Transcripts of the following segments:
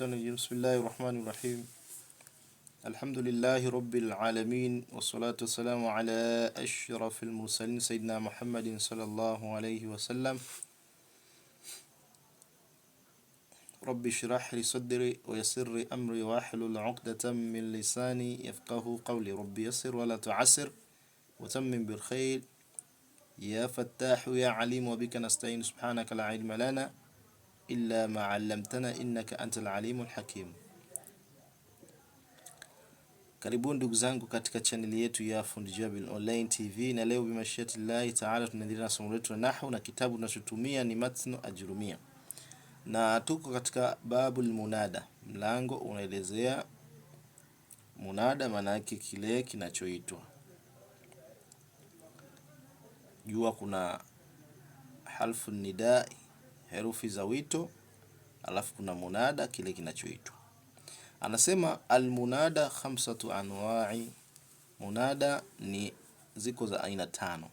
الشيطان بسم الله الرحمن الرحيم الحمد لله رب العالمين والصلاة والسلام على أشرف المرسلين سيدنا محمد صلى الله عليه وسلم رب اشرح لي صدري ويسر أمري واحلل عقدة من لساني يفقه قولي رب يسر ولا تعسر وتمم بالخير يا فتاح يا عليم وبك نستعين سبحانك لا علم لنا illa ma 'allamtana innaka antal alimul hakim. Karibuni ndugu zangu katika chaneli yetu ya Fundi Online TV, na leo bimashiyati llahi taala tunaendelea na somo letu la nahwu, na kitabu tunachotumia ni Matnu Ajrumia, na tuko katika babul munada, mlango unaelezea munada, maana yake kile kinachoitwa. Jua kuna halfu nidai herufi za wito, alafu kuna munada, kile kinachoitwa. Anasema almunada khamsatu anwa'i, munada ni ziko za aina tano.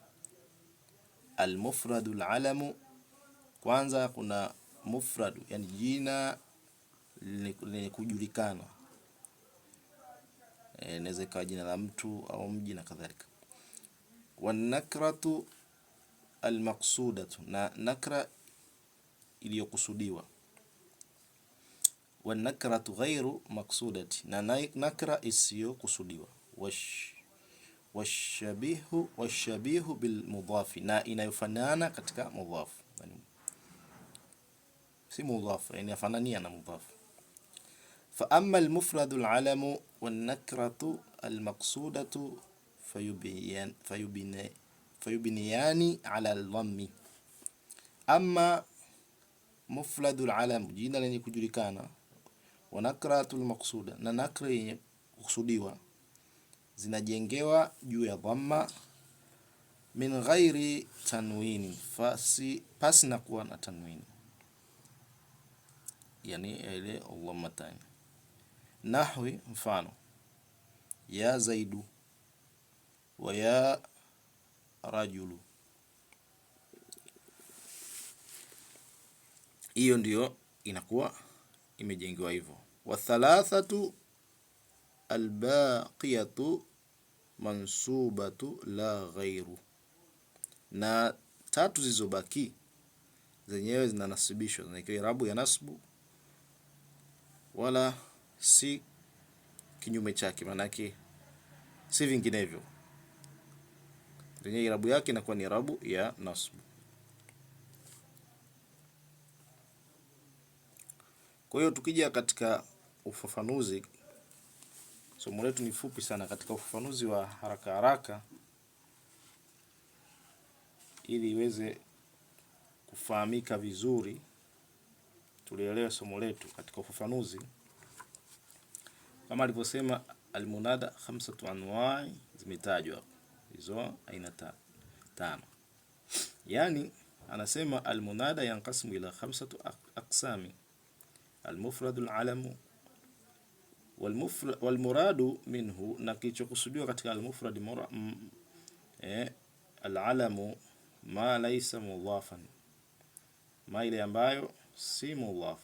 Almufradu alalamu, kwanza kuna mufradu, yani jina lenye kujulikana, eh, inaweza ikawa jina la mtu au mji na kadhalika. Wanakratu almaqsudatu, na nakra iliyokusudiwa. wa nakra ghairu maksudati, na nakra isiyokusudiwa. Washabihu washabihu bilmudhafi, na inayofanana katika yani si mudhafu, yani inafanania na mudhafu. Fa amma almufradu alalamu wanakratu almaqsudatu fayubiniyani ala al aldhammi amma mufladu alam, jina lenye kujulikana, wa nakratul maqsuda, na nakra yenye kusudiwa zinajengewa juu ya dhamma min ghairi tanwini, fasi pasi na kuwa na tanwini, yani ile allahumma tani. Nahwi, mfano ya zaidu wa ya rajulu hiyo ndiyo inakuwa imejengewa hivyo. Wathalathatu albaqiyatu mansubatu la ghairu, na tatu zilizobaki zenyewe zinanasibishwa, zinakiwa irabu ya nasbu, wala si kinyume chake, maanake si vinginevyo, zenyewe irabu yake inakuwa ni irabu ya nasbu. Kwa hiyo tukija katika ufafanuzi, somo letu ni fupi sana. Katika ufafanuzi wa haraka haraka, ili iweze kufahamika vizuri, tulielewe somo letu katika ufafanuzi, kama alivyosema almunada, khamsatu anwai zimetajwa hizo aina tano. Yani anasema almunada yankasimu ila khamsatu aqsami almufradu alalamu walmuradu minhu, na kilichokusudiwa katika almufrad eh, alalamu ma laysa mudhafan, ma ile ambayo si mudhaf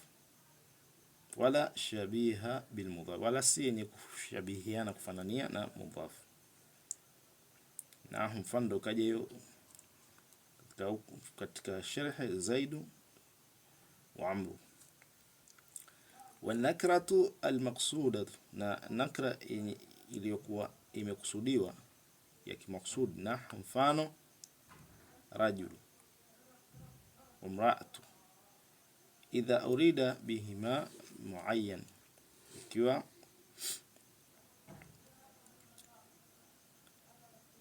wala shabiha bilmudhaf, wala si yenye kushabihiana kufanania na mudhaf. Na mfano ndo kaja hiyo katika sherhe Zaidu wa Amru wanakratu almaqsuda, na nakra yenye iliyokuwa imekusudiwa ya kimaksud. na mfano rajulu umraatu, idha urida bihima muayyan, ikiwa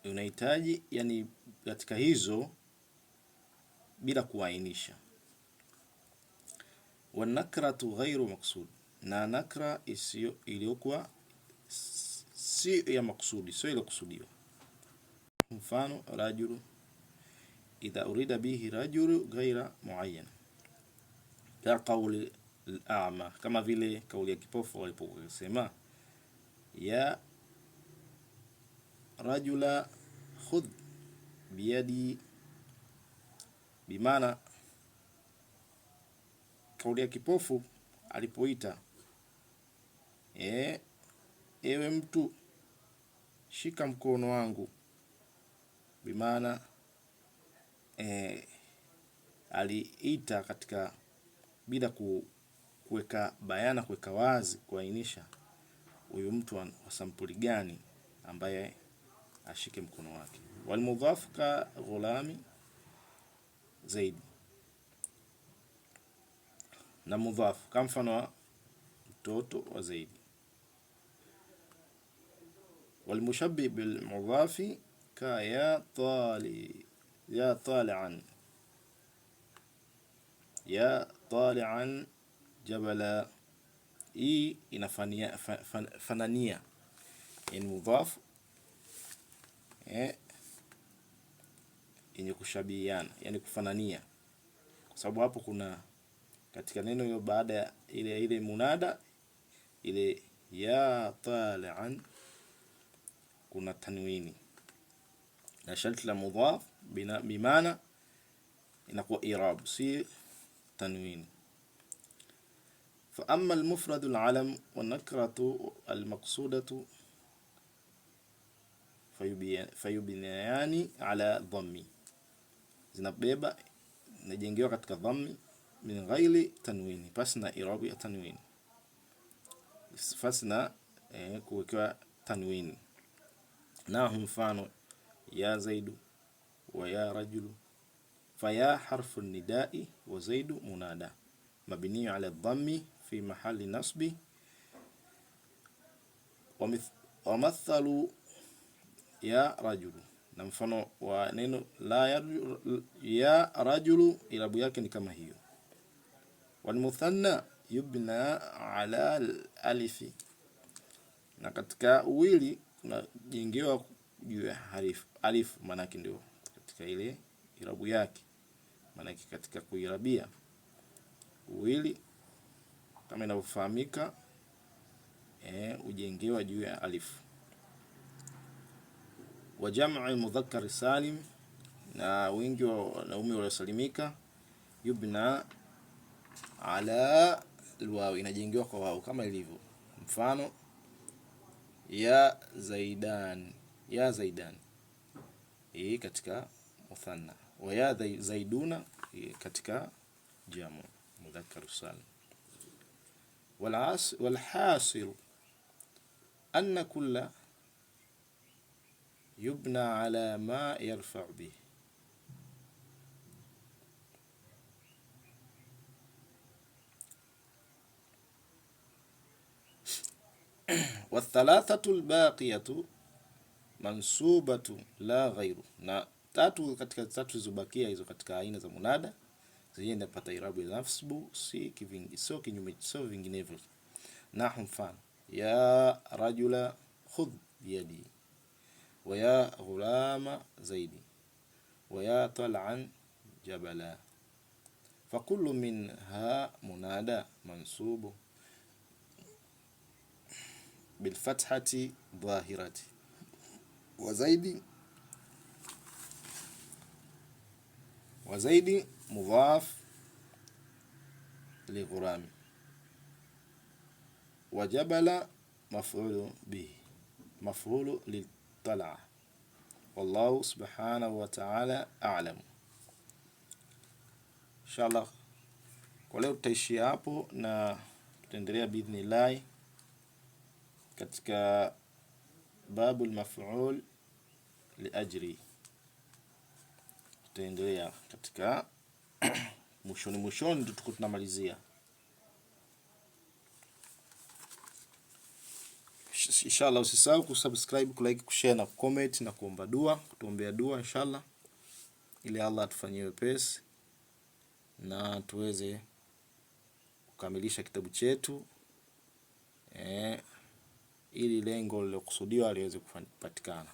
unahitaji yani katika hizo bila kuainisha wa nakratu ghairu maksud, na nakra isiyo iliyokuwa si ya maksudi, sio kusudiwa Mfano, rajulu idha urida bihi rajulu ghaira muayyan, ka qawli al-a'ma, kama vile kauli ya kipofu waliposema ya rajula khudh biyadi, bimaana kaulia kipofu alipoita, e, ewe mtu shika mkono wangu, bimaana e, aliita katika bila ku, kuweka bayana, kuweka wazi, kuainisha huyu mtu wa sampuli gani ambaye ashike mkono wake. Walmudhafu ka ghulami zaidi na mudhafu kama mfano wa mtoto wa Zaidi. Walmushabbih bilmudhafi ka ya tali ya talian ya talian jabala. Hii inafanania fan, fanania mudhafu eh, yenye kushabihiana yani kufanania, kwa sababu hapo kuna katika neno hilo baada ya ile ile munada ile ya talian kuna tanwini na sharti la mudhaf bimaana inakuwa irab si tanwini. Fa amma almufradu alalam wanakratu almaqsudatu fayubinayani ala dhammi, zinabeba inajengewa katika dhammi min ghairi tanwini, pasi na irabu ya tanwini, pasi na eh, kuwekewa tanwini. Nahu, mfano ya zaidu wa ya rajulu. Faya harfu nidai wa zaidu munada mabniyu ala dhammi fi mahali nasbi wamathalu ya rajulu na mfano wa neno la ya rajulu irabu yake ni kama hiyo. Walmuthanna yubna ala alifi, na katika uwili unajengewa juu ya harifu alifu, maanake ndio katika ile irabu yake, maanake katika kuirabia uwili kama inavyofahamika eh, ujengewa juu ya alifu. Wa jam'u mudhakkar salim, na wingi wa wanaume waliosalimika yubna ala alwawi, inajengiwa kwa wao kama ilivyo. Mfano ya zaidan, ya zaidan hii katika muthanna, wa ya zaiduna katika jamu mudhakkar salim. Wal hasil anna kulla yubna ala ma yarfa bihi wathalathatu lbaqiyatu mansubatu la ghairu, na tatu katika tatu zilizobakia hizo katika aina za munada zenye napata irabu ya nasbu, si kivingi, sio kinyume, sio vinginevyo. Nahu, mfano ya rajula khudh biyadi, wa ya ghulama zaidi, wa ya tal'an jabala. Fakullu minha munada mansubu bilfathati dhahirati wa zaidi wa zaidi mudhaf lighurami wa jabala maf'ulu bihi maf'ulu litala wallahu subhanahu wa ta'ala a'lam inshallah kwa leo tutaishia hapo na tutaendelea biidhnillahi katika babu lmaful maful liajri, tutaendelea katika mwishoni mwishoni, ndo tuko tunamalizia inshallah. Usisahau kusubscribe, kulike, kushare na kucomment na kuomba dua, kutuombea dua inshallah, ili Allah atufanyie wepesi na tuweze kukamilisha kitabu chetu eh ili lengo lilokusudiwa liweze kupatikana.